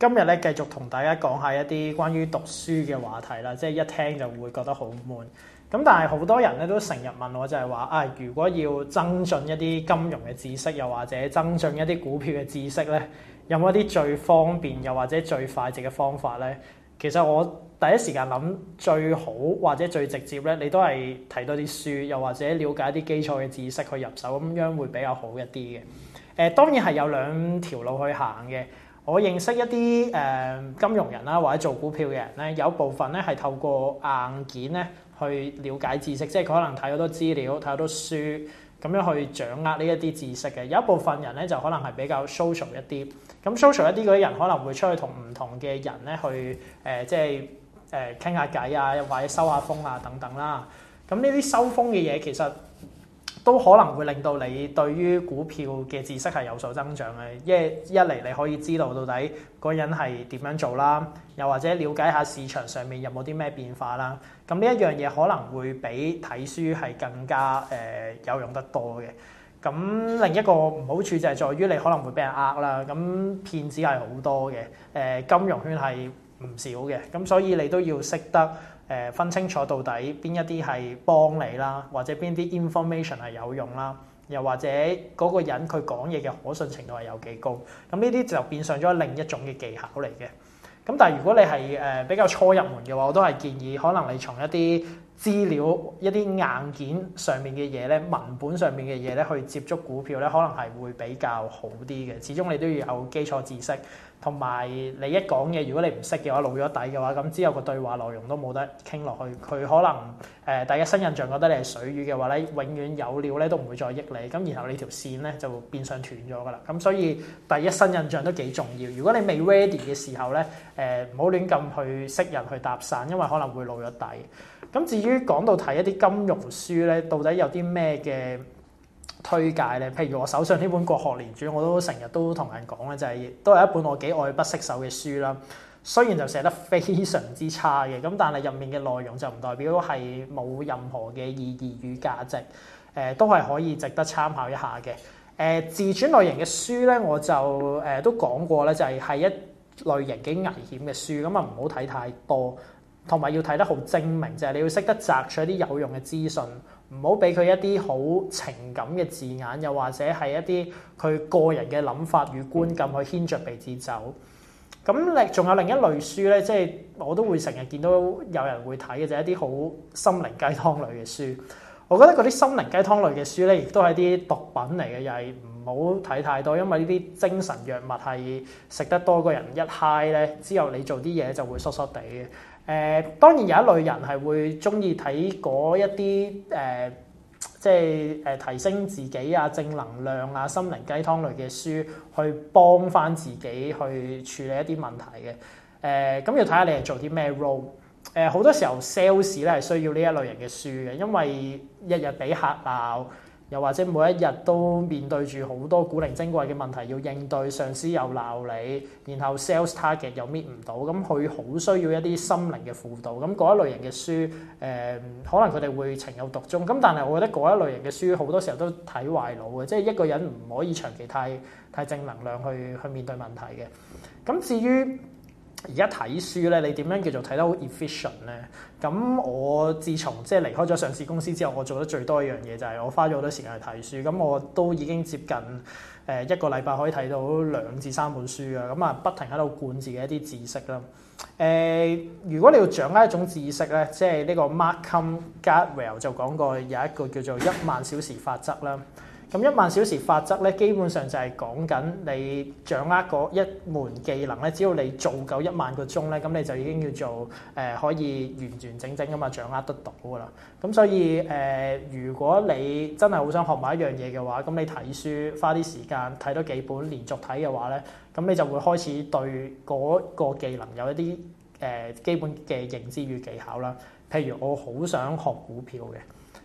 今日咧繼續同大家講下一啲關於讀書嘅話題啦，即係一聽就會覺得好悶。咁但係好多人咧都成日問我就係話，誒、哎，如果要增進一啲金融嘅知識，又或者增進一啲股票嘅知識咧，有冇一啲最方便又或者最快捷嘅方法咧？其實我第一時間諗最好或者最直接咧，你都係睇多啲書，又或者了解一啲基礎嘅知識去入手，咁樣會比較好一啲嘅。誒、呃，當然係有兩條路去行嘅。我認識一啲誒金融人啦，或者做股票嘅人咧，有部分咧係透過硬件咧去了解知識，即係佢可能睇好多資料，睇好多書，咁樣去掌握呢一啲知識嘅。有一部分人咧就可能係比較 social 一啲，咁 social 一啲嗰啲人可能會出去同唔同嘅人咧去誒、呃、即係誒傾下偈啊，或者收下風啊等等啦。咁呢啲收風嘅嘢其實～都可能會令到你對於股票嘅知識係有所增長嘅，因為一嚟你可以知道到底嗰人係點樣做啦，又或者了解下市場上面有冇啲咩變化啦。咁呢一樣嘢可能會比睇書係更加誒、呃、有用得多嘅。咁另一個唔好處就係在於你可能會俾人呃啦，咁騙子係好多嘅，誒金融圈係唔少嘅，咁所以你都要識得。誒分清楚到底邊一啲係幫你啦，或者邊啲 information 係有用啦，又或者嗰個人佢講嘢嘅可信程度係有幾高？咁呢啲就變上咗另一種嘅技巧嚟嘅。咁但係如果你係誒比較初入門嘅話，我都係建議可能你從一啲資料、一啲硬件上面嘅嘢咧、文本上面嘅嘢咧去接觸股票咧，可能係會比較好啲嘅。始終你都要有基礎知識。同埋你一講嘢，如果你唔識嘅話，露咗底嘅話，咁之後個對話內容都冇得傾落去。佢可能誒第一新印象覺得你係水魚嘅話咧，永遠有料咧都唔會再益你。咁然後你條線咧就會變相斷咗㗎啦。咁所以第一新印象都幾重要。如果你未 ready 嘅時候咧，誒唔好亂咁去識人去搭訕，因為可能會露咗底。咁至於講到睇一啲金融書咧，到底有啲咩嘅？推介咧，譬如我手上呢本《國學年鑑》，我都成日都同人講咧，就係、亦、都係一本我幾愛不釋手嘅書啦。雖然就寫得非常之差嘅，咁但係入面嘅內容就唔代表係冇任何嘅意義與價值，誒、呃、都係可以值得參考一下嘅。誒、呃、自傳類型嘅書咧，我就誒、呃、都講過咧，就係係一類型幾危險嘅書，咁啊唔好睇太多。同埋要睇得好精明，就係你要識得摘取一啲有用嘅資訊，唔好俾佢一啲好情感嘅字眼，又或者係一啲佢個人嘅諗法與觀感去牽着鼻子走。咁，你仲有另一類書咧，即係我都會成日見到有人會睇嘅，就係一啲好心靈雞湯類嘅書。我覺得嗰啲心靈雞湯類嘅書咧，亦都係啲毒品嚟嘅，又係唔好睇太多，因為呢啲精神藥物係食得多個人一嗨咧，之後你做啲嘢就會疏疏地嘅。誒、呃、當然有一類人係會中意睇嗰一啲誒、呃，即係誒、提升自己啊、正能量啊、心靈雞湯類嘅書，去幫翻自己去處理一啲問題嘅。誒、呃、咁要睇下你係做啲咩 role。誒、呃、好多時候 sales 咧係需要呢一類人嘅書嘅，因為日日俾客鬧。又或者每一日都面對住好多古靈精怪嘅問題要應對，上司又鬧你，然後 sales target 又 meet 唔到，咁佢好需要一啲心靈嘅輔導。咁嗰一類型嘅書，誒、呃、可能佢哋會情有獨鍾。咁但係我覺得嗰一類型嘅書好多時候都睇壞腦嘅，即係一個人唔可以長期太太正能量去去面對問題嘅。咁至於而家睇書咧，你點樣叫做睇得好 efficient 咧？咁我自從即係離開咗上市公司之後，我做得最多一樣嘢就係我花咗好多時間去睇書。咁我都已經接近誒一個禮拜可以睇到兩至三本書啊。咁啊，不停喺度灌自己一啲知識啦。誒、呃，如果你要掌握一種知識咧，即係呢個 Malcolm Gladwell 就講過有一個叫做一萬小時法則啦。咁一萬小時法則咧，基本上就係講緊你掌握嗰一門技能咧，只要你做夠一萬個鐘咧，咁你就已經叫做誒、呃、可以完完整整咁，掌握得到㗎喇。咁所以誒、呃，如果你真係好想學埋一樣嘢嘅話，咁你睇書花啲時間睇多幾本連續睇嘅話咧，咁你就會開始對嗰個技能有一啲誒、呃、基本嘅認知與技巧啦。譬如我好想學股票嘅。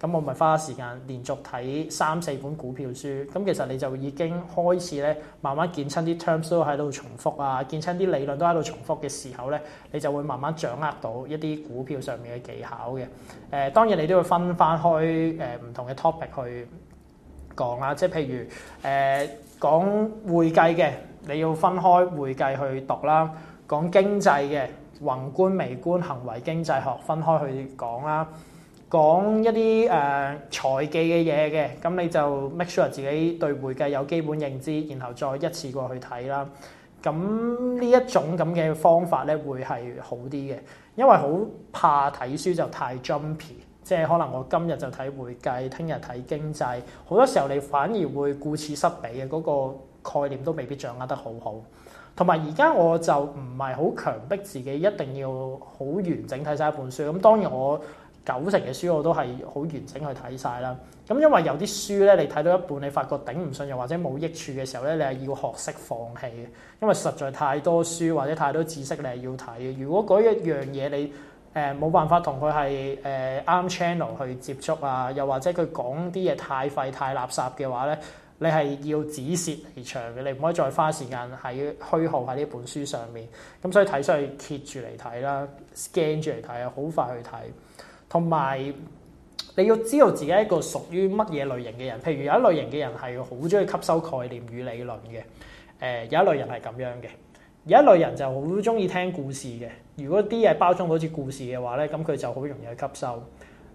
咁我咪花時間連續睇三四本股票書，咁其實你就已經開始咧，慢慢見親啲 terms 都喺度重複啊，見親啲理論都喺度重複嘅時候咧，你就會慢慢掌握到一啲股票上面嘅技巧嘅。誒、呃，當然你都要分翻開誒唔、呃、同嘅 topic 去講啦，啊，即係譬如誒講、呃、會計嘅，你要分開會計去讀啦；講經濟嘅，宏觀、微觀、行為經濟學，分開去講啦。講一啲誒、uh, 財技嘅嘢嘅，咁你就 make sure 自己對會計有基本認知，然後再一次過去睇啦。咁呢一種咁嘅方法咧，會係好啲嘅，因為好怕睇書就太 jumpy，即係可能我今日就睇會計，聽日睇經濟，好多時候你反而會顧此失彼嘅，嗰、嗰個概念都未必掌握得好好。同埋而家我就唔係好強迫自己一定要好完整睇晒一本書咁，當然我。九成嘅書我都係好完整去睇晒啦。咁因為有啲書咧，你睇到一半你發覺頂唔順，又或者冇益處嘅時候咧，你係要學識放棄嘅。因為實在太多書或者太多知識咧，你係要睇嘅。如果嗰一樣嘢你誒冇辦法同佢係誒啱 channel 去接觸啊，又或者佢講啲嘢太廢太垃圾嘅話咧，你係要止蝕離場嘅。你唔可以再花時間喺虛耗喺呢本書上面。咁所以睇上去揭住嚟睇啦，scan 住嚟睇啊，好快去睇。同埋你要知道自己一個屬於乜嘢類型嘅人，譬如有一類型嘅人係好中意吸收概念與理論嘅，誒、呃、有一類人係咁樣嘅，有一類人就好中意聽故事嘅。如果啲嘢包裝好似故事嘅話咧，咁佢就好容易去吸收。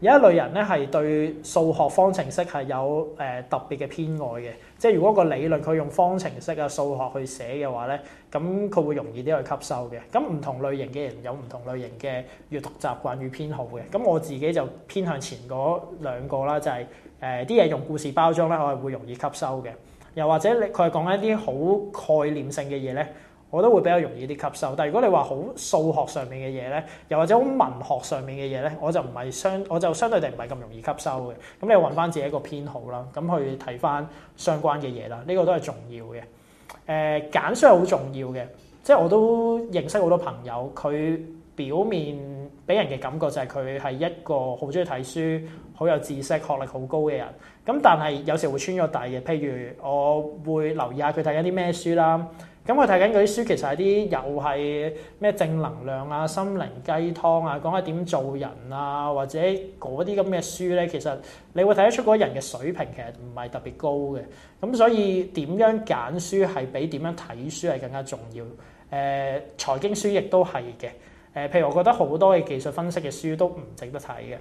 有一類人咧，係對數學方程式係有誒、呃、特別嘅偏愛嘅。即係如果個理論佢用方程式啊數學去寫嘅話咧，咁佢會容易啲去吸收嘅。咁唔同類型嘅人有唔同類型嘅閱讀習慣與偏好嘅。咁我自己就偏向前嗰兩個啦，就係誒啲嘢用故事包裝咧，我係會容易吸收嘅。又或者你佢係講一啲好概念性嘅嘢咧。我都會比較容易啲吸收，但係如果你話好數學上面嘅嘢咧，又或者好文學上面嘅嘢咧，我就唔係相，我就相對地唔係咁容易吸收嘅。咁你又揾翻自己一個偏好啦，咁去睇翻相關嘅嘢啦，呢、這個都係重要嘅。誒、呃，揀書係好重要嘅，即係我都認識好多朋友，佢表面俾人嘅感覺就係佢係一個好中意睇書、好有知識、學歷好高嘅人，咁但係有時會穿咗底嘅。譬如我會留意下佢睇緊啲咩書啦。咁我睇緊佢啲書，其實係啲又係咩正能量啊、心靈雞湯啊，講下點做人啊，或者嗰啲咁嘅書咧，其實你會睇得出嗰人嘅水平其實唔係特別高嘅。咁所以點樣揀書係比點樣睇書係更加重要。誒、呃，財經書亦都係嘅。誒、呃，譬如我覺得好多嘅技術分析嘅書都唔值得睇嘅。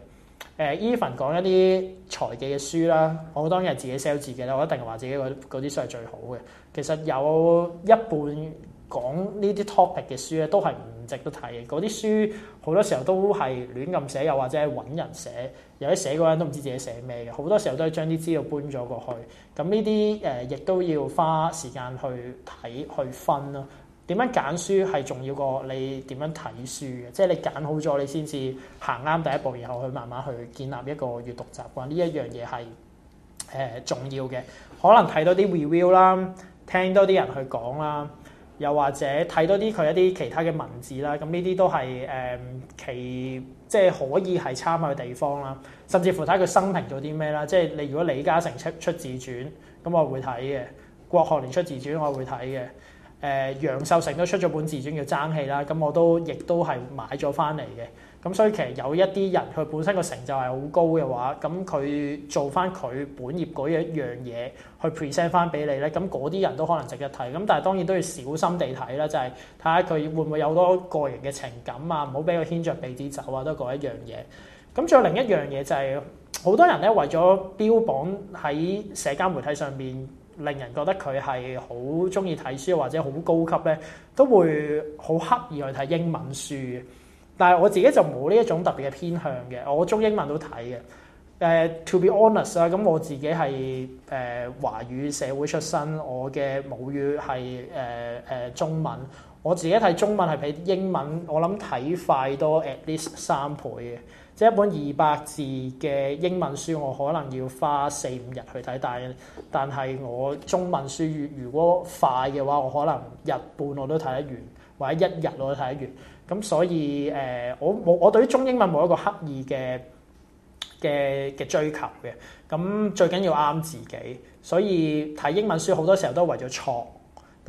誒 even 講一啲財技嘅書啦，我當日自己 sell 自己啦。我一定話自己嗰啲書係最好嘅。其實有一半講呢啲 topic 嘅書咧，都係唔值得睇嘅。嗰啲書好多時候都係亂咁寫，又或者係揾人寫，有啲寫嗰人都唔知自己寫咩嘅。好多時候都係將啲資料搬咗過去，咁呢啲誒亦都要花時間去睇去分咯、啊。點樣揀書係重要過你點樣睇書嘅，即係你揀好咗，你先至行啱第一步，然後去慢慢去建立一個閱讀習慣。呢一樣嘢係誒重要嘅。可能睇到啲 review 啦，聽多啲人去講啦，又或者睇多啲佢一啲其他嘅文字啦。咁呢啲都係誒、呃、其即係可以係參考嘅地方啦。甚至乎睇佢生平做啲咩啦。即係你如果李嘉誠出出自傳，咁我會睇嘅；郭學年出自傳，我會睇嘅。誒、呃、楊秀成都出咗本自傳叫爭氣啦，咁我都亦都係買咗翻嚟嘅。咁所以其實有一啲人佢本身個成就係好高嘅話，咁佢做翻佢本業嗰一樣嘢去 present 翻俾你咧，咁嗰啲人都可能值得睇。咁但係當然都要小心地睇啦，就係睇下佢會唔會有多個人嘅情感啊，唔好俾佢牽着鼻子走啊，都係一樣嘢。咁仲有另一樣嘢就係、是、好多人咧為咗標榜喺社交媒體上面。令人覺得佢係好鍾意睇書或者好高級咧，都會好刻意去睇英文書。但係我自己就冇呢一種特別嘅偏向嘅，我中英文都睇嘅。誒、uh，to be honest 啦，咁我自己係誒、uh，華語社會出身，我嘅母語係誒誒中文。我自己睇中文係比英文我諗睇快多 at least 三倍嘅。即一本二百字嘅英文書，我可能要花四五日去睇，但但係我中文書，如果快嘅話，我可能日半我都睇得完，或者一日我都睇得完。咁所以誒，我冇我對於中英文冇一個刻意嘅嘅嘅追求嘅。咁最緊要啱自己，所以睇英文書好多時候都為咗錯。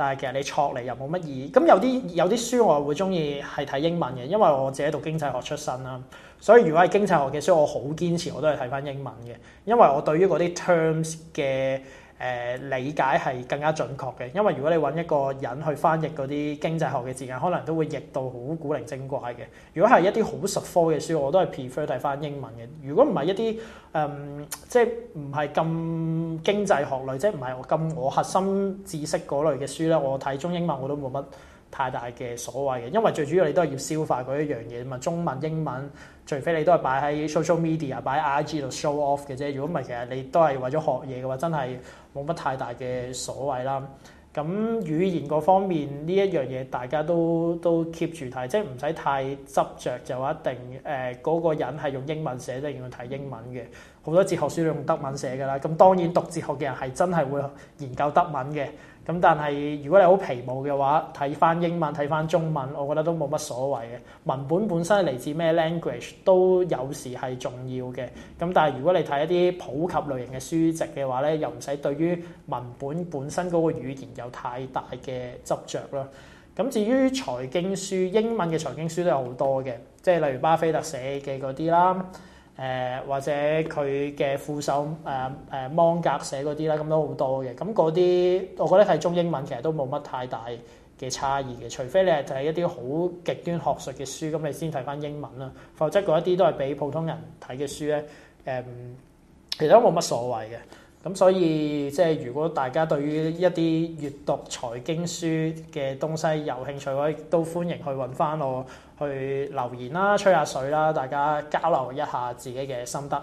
但係其實你錯嚟又冇乜意義。咁有啲有啲書我又會中意係睇英文嘅，因為我自己讀經濟學出身啦，所以如果係經濟學嘅書，我好堅持我都係睇翻英文嘅，因為我對於嗰啲 terms 嘅。誒理解係更加準確嘅，因為如果你揾一個人去翻譯嗰啲經濟學嘅字眼，可能都會譯到好古靈精怪嘅。如果係一啲好實科嘅書，我都係 prefer 睇翻英文嘅。如果唔係一啲誒、嗯，即係唔係咁經濟學類，即係唔係我咁我核心知識嗰類嘅書咧，我睇中英文我都冇乜太大嘅所謂嘅，因為最主要你都係要消化嗰一樣嘢嘛，中文、英文，除非你都係擺喺 social media、擺喺 IG 度 show off 嘅啫。如果唔係，其實你都係為咗學嘢嘅話，真係冇乜太大嘅所謂啦。咁語言嗰方面呢一樣嘢，大家都都 keep 住睇，即係唔使太執着，就一定誒嗰、呃那個人係用英文寫定要睇英文嘅。好多哲學書都用德文寫㗎啦，咁當然讀哲學嘅人係真係會研究德文嘅。咁但係，如果你好皮毛嘅話，睇翻英文，睇翻中文，我覺得都冇乜所謂嘅。文本本身係嚟自咩 language 都有時係重要嘅。咁但係如果你睇一啲普及類型嘅書籍嘅話咧，又唔使對於文本本身嗰個語言有太大嘅執着囉。咁至於財經書，英文嘅財經書都有好多嘅，即係例如巴菲特寫嘅嗰啲啦。誒，或者佢嘅副手，誒誒、啊啊、芒格寫嗰啲啦，咁都好多嘅。咁嗰啲我覺得係中英文其實都冇乜太大嘅差異嘅。除非你係睇一啲好極端學術嘅書，咁你先睇返英文啦。否則嗰一啲都係畀普通人睇嘅書咧，誒、嗯，其實都冇乜所謂嘅。咁所以即係如果大家對於一啲閱讀財經書嘅東西有興趣嘅話，嗰都歡迎去揾翻我去留言啦，吹下水啦，大家交流一下自己嘅心得。